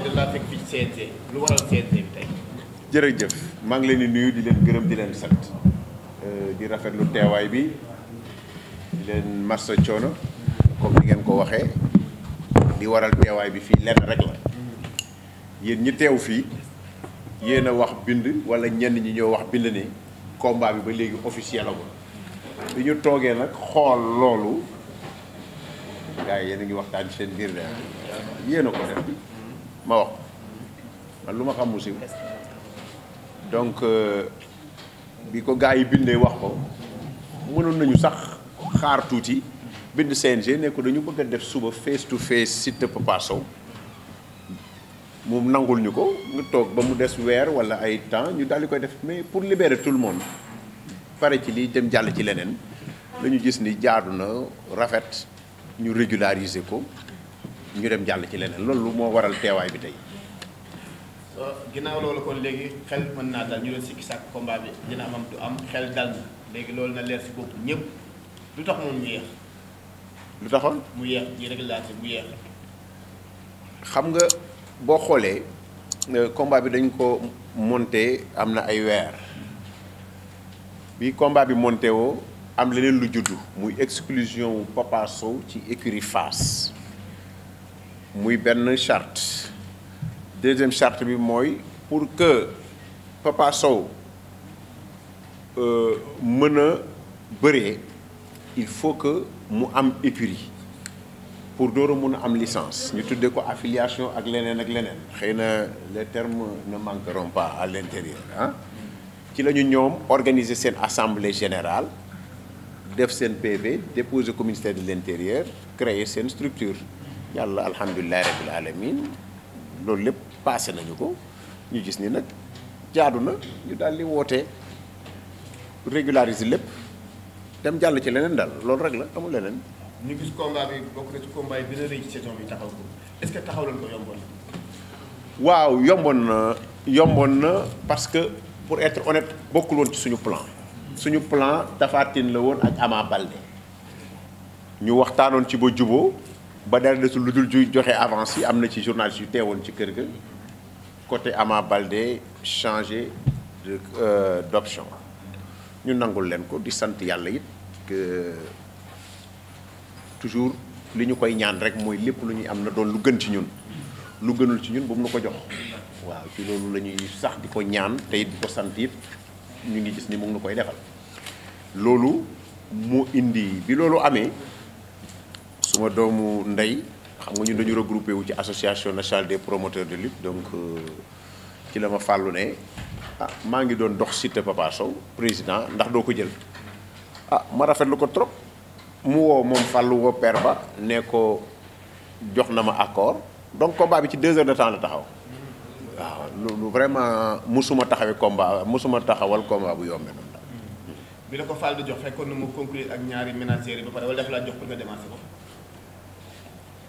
tey dañ laa fekk maa ngi leen di nuyu di leen gërëm di leen sant euh, di rafetlu teewaay bi di leen massa coono comme ni ngeen ko waxee di waral teewaay bi fii lenn rek la yéen ñi teew fii yéen a wax bind wala ñenn ñi ñoo wax bind ni combat bi ba léegi officiel la ko bi ñu toogee nag xool loolu gars yi yéen a ngi waxtaan seen biir de yéen a ko def. ma wax man lu ma xam mu siiw donc euh, bi ko gars yi bindee wax ko mënoon nañu sax xaar tuuti bind CNG ne ko dañu bëgg def suba face to face Siteu Papa Sow moom nangul ñu ko ñu toog ba mu des weer wala ay temps ñu dal di koy def mais pour libérer tout le monde pare ci lii dem jàll ci leneen la ñu gis ni jaadu na rafet ñu régulariser ko ñu dem jàll ci leneen loolu moo waral teewaay bi tey. ginnaaw loolu kon léegi xel mën naa dal ñu doon sikki sàkk combat bi dina du am xel dal léegi loolu na leer si bopp ñëpp lu tax moom mu lu taxoon mu yeex ji régulation mu yeex xam nga boo xoolee euh, combat bi dañ ko monté am na ay weer bi combat bi monté am leneen lu juddu muy exclusion wu Papa ci écurie Fass muy benn charte deuxième charte bi mooy pour que Papa Sow euh, mën a bëree il faut que mu am écurie pour door a mun a am licence ñu tuddee ko affiliation ak leneen ak leneen xëy na les termes ne manqueront pas à l'intérieur ah ci la ñu ñoom organiser seen assemblée général def seen PV déposer ko ministère de l'intérieur créer seen structure yàlla alhamdulilahi rabil alamin loolu lépp passé nañu ko ñu gis ni nag jaadu na ñu daal di wootee régulariser lépp dem jàll ci leneen daal loolu rek la amul leneen. ñu gis combat bi bokk na ci combat yi ci saison bi taxaw ko est-ce que taxaw lañ ko yomboon na. waaw yomboon na yomboon na parce que pour être honnête bokkul woon ci suñu plan. suñu plan Tapha la woon ak Ama Baldé ñu waxtaanoon ci ba juboo ba dara desul lu dul ju joxe avance yi am na ci journaliste yu teewoon ci kër ga côté Ama balde changé de euh, d' option ñu nangul leen ko di sant yàlla it que toujours li ñu koy ñaan rek mooy lépp lu ñuy am na doon lu gën ci ñun lu gënul ci ñun bu mu na ko jox waaw ci loolu la ñuy sax di ko ñaan te it di ko sant it ñu ngi gis ni mu ngi koy defal loolu mu indi bi loolu amee suma doomu ndey xam nga ñun dañu regroupé wu ci association nationale des promoteurs de lutte donc euh, ci la ma fàllu ne ah maa ngi doon dox Siteu Papa Sow président ndax doo ko jël ah ma rafetlu ko trop mu woo moom fàllu woo père ba ne ko jox na ma accord donc combat bi ci deux heures de temps la taxaw waaw loolu vraiment musuma taxawee combat musuma taxawal combat bu yombee noonu daal. Hmm. bi la ko Fall di jox fekkoon nu mu conclure ak ñaari ménager yi ba laa jox pour nga démarrer ko.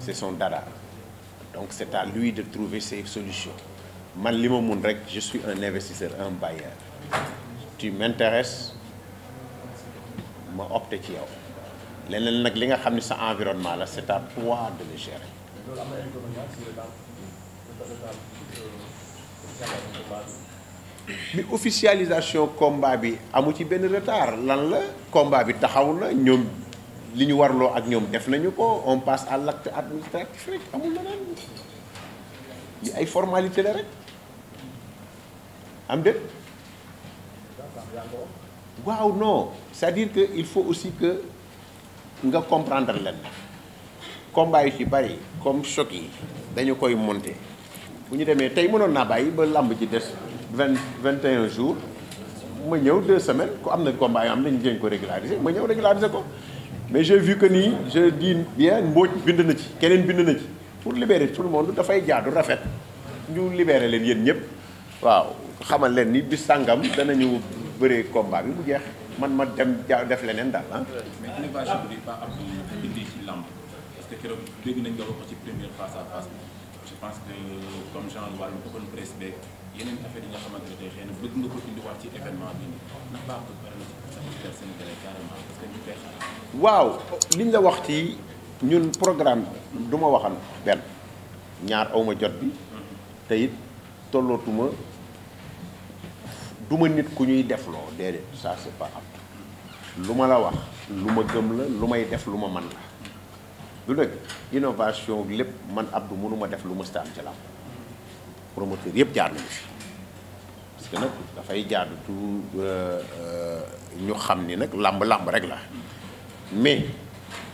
c'est son dada donc c'est à lui de trouver ses solutions man li ma mun rek je suis un investisseur un bailleur tu m'intéresses ma opte ci yow leneen nag li nga xam ne sa environnement la c'est à toi de le gérer officialisation combat bi amu ci benn retard lan la combat bi taxaw na ñoom li ñu warloo ak ñoom def nañu ko on passe à l'acte administratif rek amul leneen li ay formalité la rek am déet waaw non cest dire que il faut aussi que nga comprendre leen combat yu ci bari comme choc yi dañu koy monter bu ñu demee tey mënoon naa bàyyi ba làmb ji des vingt vingt et un jours ma ñëw deux semaines ku am na combat am nañu jéem ko régulariser ma ñëw régulariser ko mais j'ai vu que nii je dis bien Mbodj bind na ci keneen bind na ci pour libérer tout le monde dafay jaadu rafet ñu libérer leen yéen ñëpp waaw xamal leen ni sangam sàngam danañu bëree combat bi mu jeex man ma dem jaar def leneen daal ah. mais innovation bi pas ab indi ci lamb parce que keroog dégg nañ nga wax ko ci première face à face je pense que comme genre wàllu open presse beeg. yeneen affaire yi nga xamante na bëgg nga ko indiwaat ci événement bi ci pour waaw liñ wax ci ñun programme du ma waxan benn ñaar awma jot bi te it tollootuma duma nit ku ñuy defloo déedéet ça c'est pas apte lu ma la wax lu ma gëm la lu may def lu ma man la lu dëgg innovation lépp man Abdou mënuma def lu mësta am la promoteur yëpp jaar nañu fi parce que nag dafay jaadu tout euh, euh, ñu xam ni nag làmb làmb rek la mais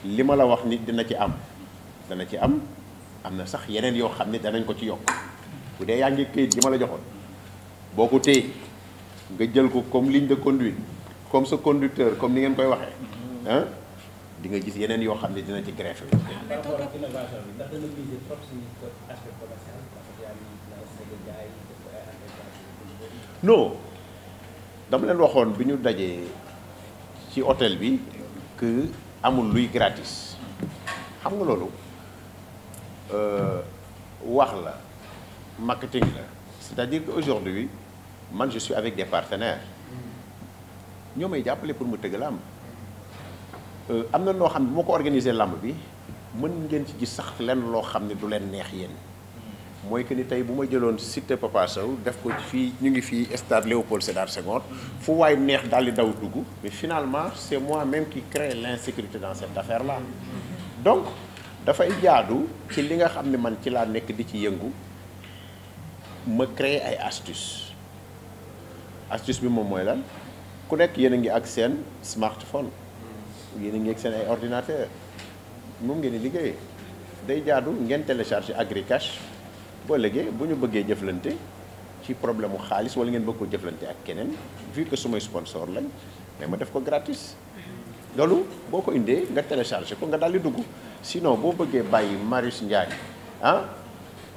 li ma la wax nit dina ci am dana ci am am na sax yeneen yoo xam ne danañ ko ci yokk bu dee yaa ngi këyit gi ma la joxoon boo ko téye nga jël ko comme ligne de conduite comme sa conducteur comme ni ngeen koy waxee ah di nga gis yeneen yoo xam ne dina ci greffe bi. non dama leen waxoon bi ñu dajee ci hôtel bi que amul luy gratis xam nga loolu euh, wax la marketing la c'est-à-dire que aujourd'hui man je avec des partenaire ñoo may jàppale pour mu tëgg làmb euh, am na noo xam ne bu ma ko organiser làmb bi mën ngeen ci gis sax lenn loo xam ne du leen neex yéen mooy que ni tey bu ma jëloon cité Papa Sow def ko fii ñu ngi fii stade Léopold Sédar Senghor fu waay neex daal di daw dugg mais finalement c'est moi-même qui crée l'insécurité dans cette affaire-là donc dafay jaadu ci li nga xam ne man ci laa nekk di ci yëngu ma créer ay astuce astuce bi moom mooy lan ku nekk yéen a ngi ak seen smartphone yéen a ngi ak seen ay ordinateur moom ngeen di liggéeyee day jaadu ngeen télécharger Agricash boo léegi bu ñu bëggee jëflante ci problème mu xaalis wala ngeen bëgg ko jëflante ak keneen vu que sumay sponsor lañ mais ma def ko gratis loolu boo ko indee nga téléchargé ko nga daal di dugg sinon boo bëggee bàyyi Marius Ndiaye ah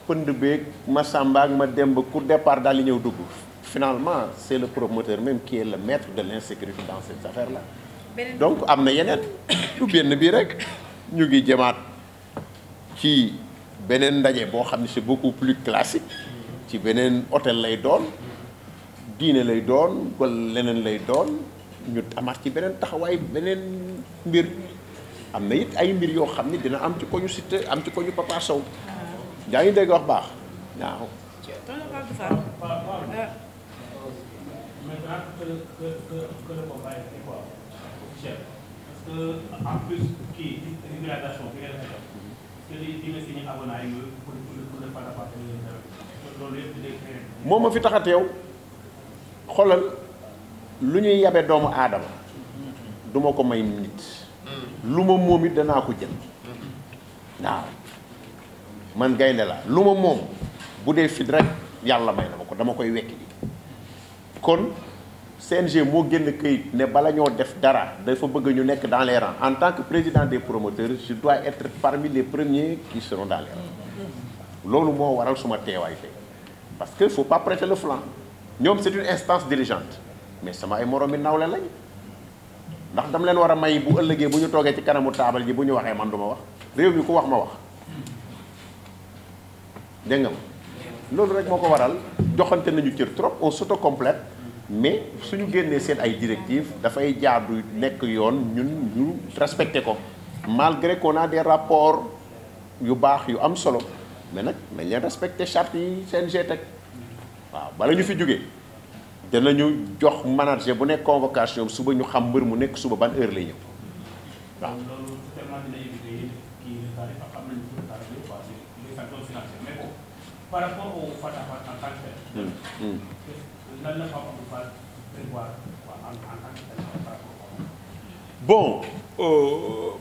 pënd beeg ma Samba ak ma Demba ku départ daal di ñëw dugg finalement c'est le promoteur même ki est le metre de l'insécurité dans cette affaire là donc am na yeneen du benn bii rek ñu ngi jëmaat ci beneen ndaje boo xam ne c'est beaucoup plus classique ci beneen hôtel lay doon diine lay doon wala leneen lay doon ñu amaat ci beneen taxawaay beneen mbir am na it ay mbir yoo xam ne dina am ci ko ñu Siteu am ci ko ñu Papa Sow yaa ngi dégg wax baax moo ma fi tax a teew xoolal lu ñuy yabe doomu aadama duma ko may nit lu ma moom it danaa ko jël waaw man gaynde la lu ma moom bu dee fit rek yàlla may na ma ko dama koy wekki kon CNG moo génn këyit ne bala ñoo def dara dafa bëgg ñu nekk dans les rangs en tant que président des promoteurs je dois être parmi les premiers qui seront dans les loolu moo waral suma teewaay tey parce que il faut pas prêter le flanc ñoom c'est une instance dirigeante mais sama ay moromi nawle lañ ndax dam leen war a may bu ëllëgee bu ñu toogee ci kanamu taabal yi bu ñu waxee man du ma wax réew yi ku wax ma wax dégg nga ma loolu rek moo ko waral joxante nañu cër trop on s'autocomplète mais suñu génnee seen ay directives dafay jaadu nekk yoon ñun ñu respecté ko malgré qu'on naa des rapport yu baax yu am solo mais nag nañ leen respecté charte yi CNG teg waaw bala ñu fi jógee ñu jox manager bu nekk convocation suba ñu xam mbër mu nekk suba ban heure lay ñëw lan la Pape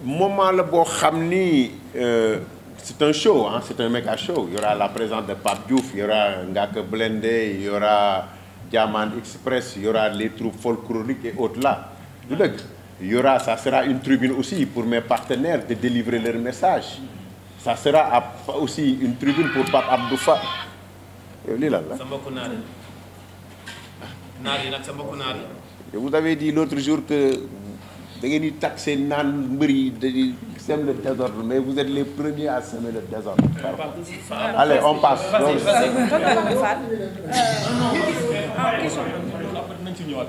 moment la boo xam ni euh, c'est un show c'est un méga show il y la présence de Pape Diouf il y aura Ngaaka Blindé il y aura Diamant Express il y les troupes folkloriques et autres là du dëgg il y sera une tribune aussi pour mes partenaires de délivrer leur message ça sera aussi une tribune pour Pape Abdou Fall yow lii lan la naar yi nag sa mbokku naar yi. vous avez dit l'autre jour que da ngeen di taxé naan mbër yi dañuy sème le désordre mais vous êtes les premiers à semer le désordre. allez on passe.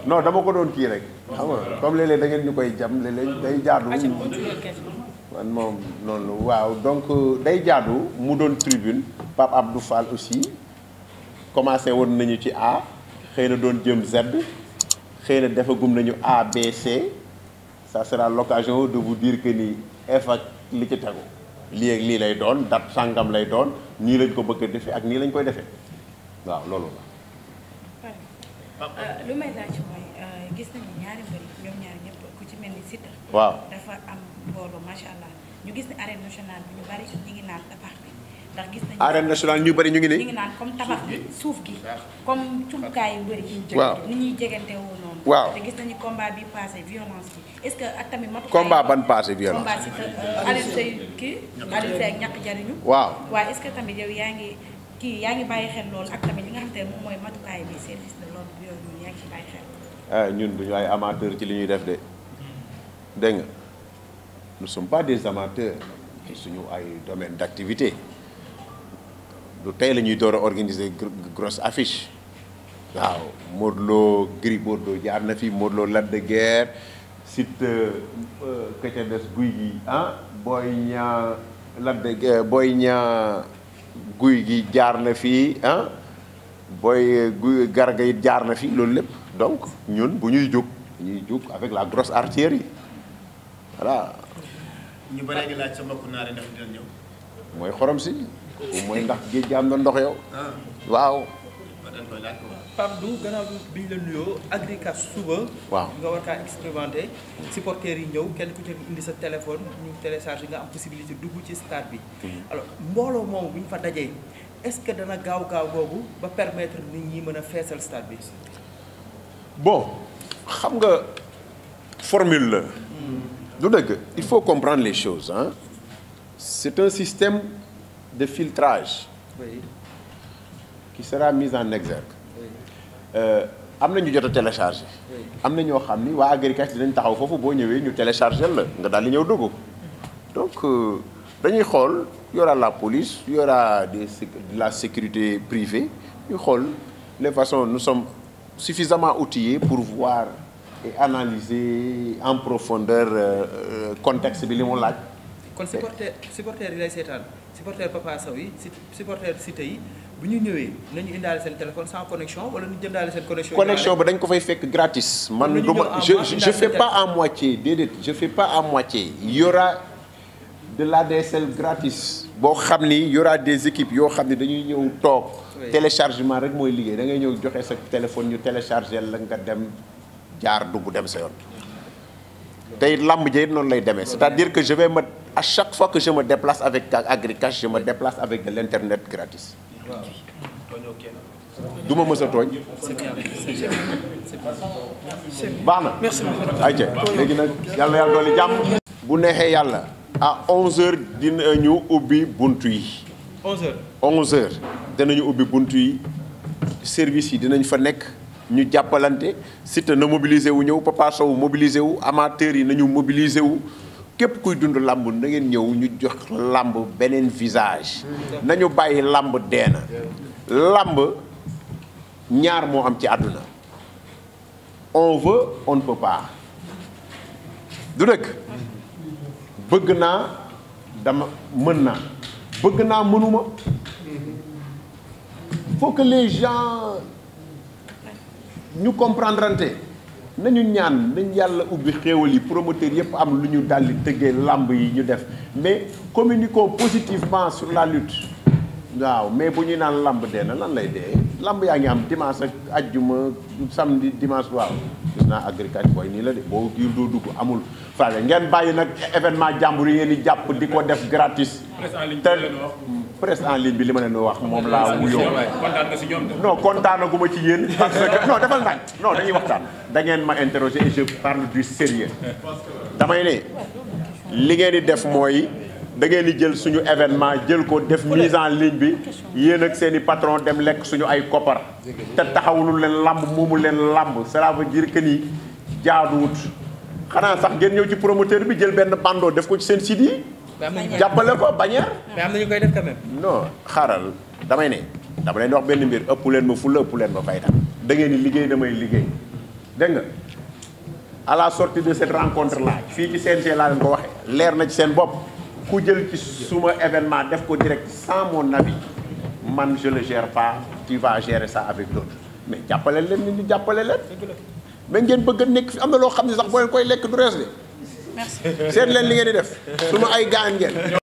non dama ko doon kii rek. xam nga comme léeg-léeg da ngeen ñu koy jam léeg-léeg day jaadu. Ah, man moom noonu waaw donc euh, day jaadu mu doon tribune Pape Abdou Fall aussi commencé woon nañu ci A. xëy na doon jëm Z xëy na defagum nañu A B C ça sera l'occasion de vous dire que ni F ak li ci tegu lii ak lii lay doon date sàngam lay doon nii lañ ko bëgg defee ak nii lañ koy defe waaw loolu la. Euh, lu may laaj mooy euh, gis nañu ñaari mbir ñoom ñaari ñëpp ku ci mel ni Siteu. waaw dafa am mbooloo macha allah ñu gis ne arène nationale bi ñu bari ñu ngi ndax gis nañu arène ñu bëri ñu ngi ni ñu comme tabax bi suuf gi comme cumkaay yu bëri ñu waaw ni ñuy jegante woo noonu waaw te gis nañu combat bi passé violence bi est-ce que ak tamit matu combat ban passé violence combat si euh, Alioune ak ñàkk jariñu waaw waaw est tamit yow yaa ngi kii yaa ngi bàyyi xel loolu ak tamit li nga xam te moom mooy matukaay bi service de bi yooyu noonu yaa ngi ci bàyyi xel eh, ñun duñu ay li ñuy def de dégg nga nous sommes pas des amateurs ci suñu ay domaine d'activité du tey la ñuy door a organiser grosse affiche waaw Modou Lo Gris Bordeaux jaar na fi Modou Lo Lac de Guiers Siteu këca guy gi ah ñaa Niang Lac de Guiers euh, Boy Niang guy gi jaar na fi ah Boy euh, guy Garga jaar na fi loolu lépp donc ñun bu ñuy jóg ñuy jóg avec la grosse artillerie voilà. ñu bëree ngi laaj sa mbokku naar yi ndax dina ñëw. mooy xorom si. bu mooy ndax géej gi am ndox yow. Ah. waaw. Pape Dou gannaaw bi ñu la nuyoo Agrica suba. waaw nga war kaa expérimenté. supporters yi ñëw kenn ku ci indi sa téléphone ñu télécharge nga am possibilité dugg ci stade bi. alors mbooloo moomu buñ fa dajee est-ce que dana gaaw gaaw boobu ba permettre nit ñi mën a feesal stade bi. bon xam nga formule la. du hmm. dëgg il faut comprendre les choses ah. c'est un système. de filtrage oui. qui sera mise en exergue euh, am na ñu jot a téléchargé am na ñoo xam ni waa Agricash dinañ taxaw foofu boo ñëwee ñu téléchargé la nga daal di ñëw dugg donc euh, dañuy xool y aura la police y de la sécurité privée ñu xool les façons nous sommes suffisamment outillés pour voir et analyser en profondeur euh, contexte bi li mu laaj. kon supporter supporter yi lay seetaan. supporter Papa Sow yi supporter Cité yi bu ñu ñëwee nañu indaale seen téléphone sans connexion wala ñu jëndaale seen connexion. connexion ba dañ ko fay fekk gratis. man du ma je je fais pas à moitié déedéet je fais pas à moitié. y aura de celle gratis. boo xam ni yora des équipes yoo xam ni dañuy ñëw toog. téléchargement rek mooy liggéey da ngay ñëw joxe sa téléphone ñu télécharger la nga dem jaar dugg dem sa yoon. tey làmb jee noonu lay demee c'est-à-dire que je vais me à chaque fois que je me déplace avec Agricash je me déplace avec de l'internet gratis du ma mës a tooñ baax na ayca léegi nag yàlla yàlla dooli jàmm bu neexee yàlla à onze heures dinañu ubbi buntu yi onze heures dinañu ubbi buntu yi service yi dinañ fa nekk ñu jàppalante Siteu na mobiliser wu ñëw Papa Sow mobiliser wu amateur yi nañu mobiliser wu képp kuy dund làmb na ñëw ñu jox làmb beneen visage nañu bàyyi làmb deena làmb ñaar moo am ci àdduna on veut on peut pas du dëkk bëgg naa dama mën naa bëgg naa mënuma faut les gens ñu comprendrante nañu ñaan nañ yàlla ubbi xéewal yi promoteur yëpp am lu ñu daldi tëggee làmb yi ñu def mais communiquons positivement sur la lutte waaw mais bu ñuy naan làmb dee na lan lay dee làmb yaa ngi am dimanche ak ajjuma samedi dimanche waaw gis naa agricat booy nii la de boo kii doo dugg amul fale ngeen bàyyi nag événement jàmbur yi ngeen di jàpp di ko def gratis te presse en ligne bi li ma leen wax moom laa wuyoo. kontaan nga si ñoom ci yéen. parce que non defal ndànk non dañuy waxtaan. da ngeen ma interroger et je parle du sérieux damay ne li ngeen di def mooy da ngeen di jël suñu événement jël ko def mise en ligne bi yéen ak seen i patron dem lekk suñu ay koppar. te taxawulul leen làmb moomu leen làmb cela veut dire que ni jaaduwut xanaa sax ngeen ñëw ci promoteur bi jël benn bandeau def ko ci seen site yi. jàppale ko bannière mais am na ñu koy def quand même. non xaaral damay ne dama leen wax benn mbir ëpp leen ma fulla ëpp leen ma fayda da ngeen di liggéey damay liggéey dégg nga à la sortie de cette rencontre là fii ci CNG laa leen ko waxee leer na ci seen bopp ku jël ci suma événement def ko direct sans mon man je le gère pas tu vas gérer ça avec d'autres mais jàppale leen nit ñi jàppale leen mais ngeen bëgg a nekk fi am na loo xam ne sax boo leen koy lekk du rees de seet leen li ngeen di def su ma ay gaan ngeen